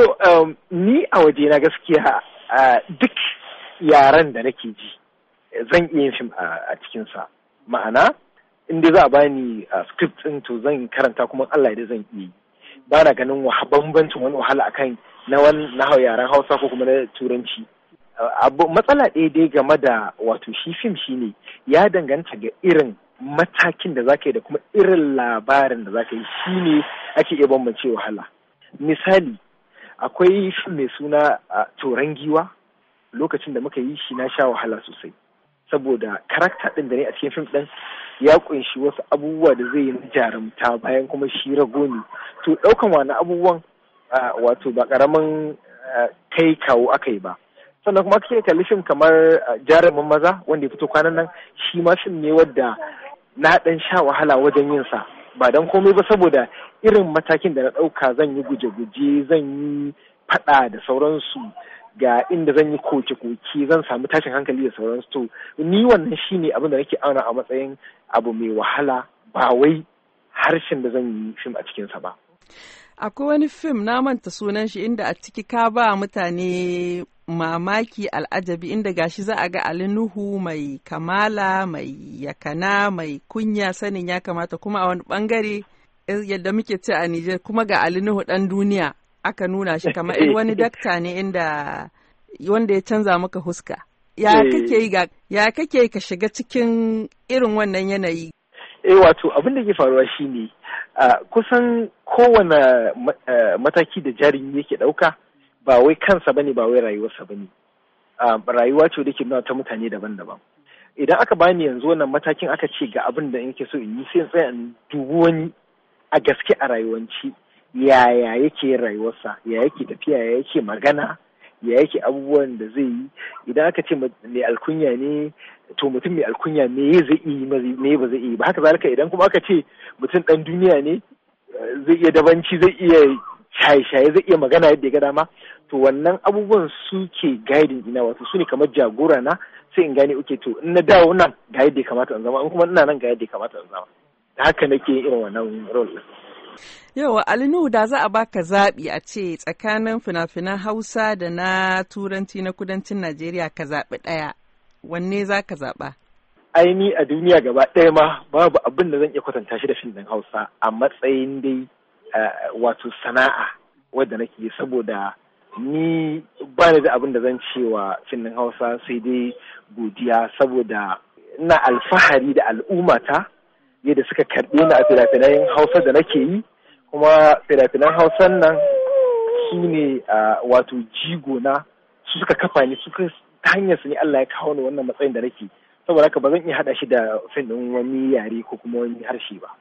So, um, ni a waje na gaskiya duk yaren da nake ji zan iya yin fim a cikinsa. Ma'ana, inda dai za a bani script ɗin to zan karanta kuma Allah da zan iya yi. Ba na ganin bambancin wani wahala akan na wani yaren Hausa ko kuma na Turanci. matsala ɗaya dai game da wato shi fim shi ne ya danganta ga irin matakin da zaka yi da kuma irin labarin da zaka yi shi ne ake iya bambance wahala misali akwai shi mai suna tsoron giwa lokacin da muka yi shi na sha wahala sosai saboda karakta ɗin da ne a cikin fim ɗin ya kunshi wasu abubuwa da zai yi jarumta bayan kuma shi rago ne to ɗaukan wani abubuwan wato ba ƙaramin kai kawo aka yi ba sannan kuma kake kalli fim kamar jarumin maza wanda ya fito kwanan nan shi ma fim ne wadda na ɗan sha wahala wajen yin sa ba don komai ba saboda irin matakin da na ɗauka zan yi guje-guje zan yi faɗa da sauransu ga inda zan yi koke-koke zan samu tashin hankali da sauransu to ni wannan shine abin da nake auna a matsayin abu mai wahala ba wai harshen da zan yi fim a cikinsa ba. Akwai wani fim na manta sunan shi inda a ciki ka ba mutane mamaki al'ajabi inda gashi za a ga Ali Nuhu mai kamala mai yakana mai kunya sanin ya kamata kuma a wani bangare eh, yadda muke ce a Nijar kuma ga Ali Nuhu dan duniya aka nuna shi kamar wani dakta ne inda wanda ya canza maka huska ya eh. kake yi ya kake ka shiga cikin irin wannan yanayi eh wato abin da ke faruwa shine ah, kusan kowane eh, mataki da jarin yake dauka ba wai kansa bane ba wai rayuwarsa bane rayuwa ce da ke nuna ta mutane daban-daban idan aka bani yanzu wannan matakin aka ce ga abin da yake so in yi sai tsaya in dubi wani a gaske a rayuwanci yaya yake rayuwarsa ya yake tafiya ya yake magana ya yake abubuwan da zai yi idan aka ce mai alkunya ne to mutum mai alkunya me zai yi me ba zai yi ba haka zalika idan kuma aka ce mutum dan duniya ne zai iya dabanci zai iya shaye-shaye zai iya magana yadda ya ga dama to wannan abubuwan suke guiding ina wato su ne kamar jagora na sai in gane uke to in na dawo nan ga yadda ya kamata in zama in kuma ina nan ga yadda ya kamata in zama da haka nake irin wannan role din Yawa Alinu da za a baka zaɓi a ce tsakanin fina-finan Hausa da na Turanci na kudancin Najeriya ka zaɓi ɗaya, wanne za ka zaɓa? Aini a duniya gaba ɗaya ma babu abin da zan iya kwatanta shi da fim ɗin Hausa a matsayin dai eh, wato sana'a wadda nake saboda ni ba ni da abin da zan cewa filin hausa sai dai godiya saboda na alfahari da al'ummata yadda suka karɓe ni a fina-finan hausa da nake yi kuma fina-finan hausan nan su ne wato jigo na su suka kafa ni suka hanyar su ne Allah ya kawo ni wannan matsayin da nake saboda haka ba zan iya haɗa shi da fim wani yare ko kuma wani harshe ba.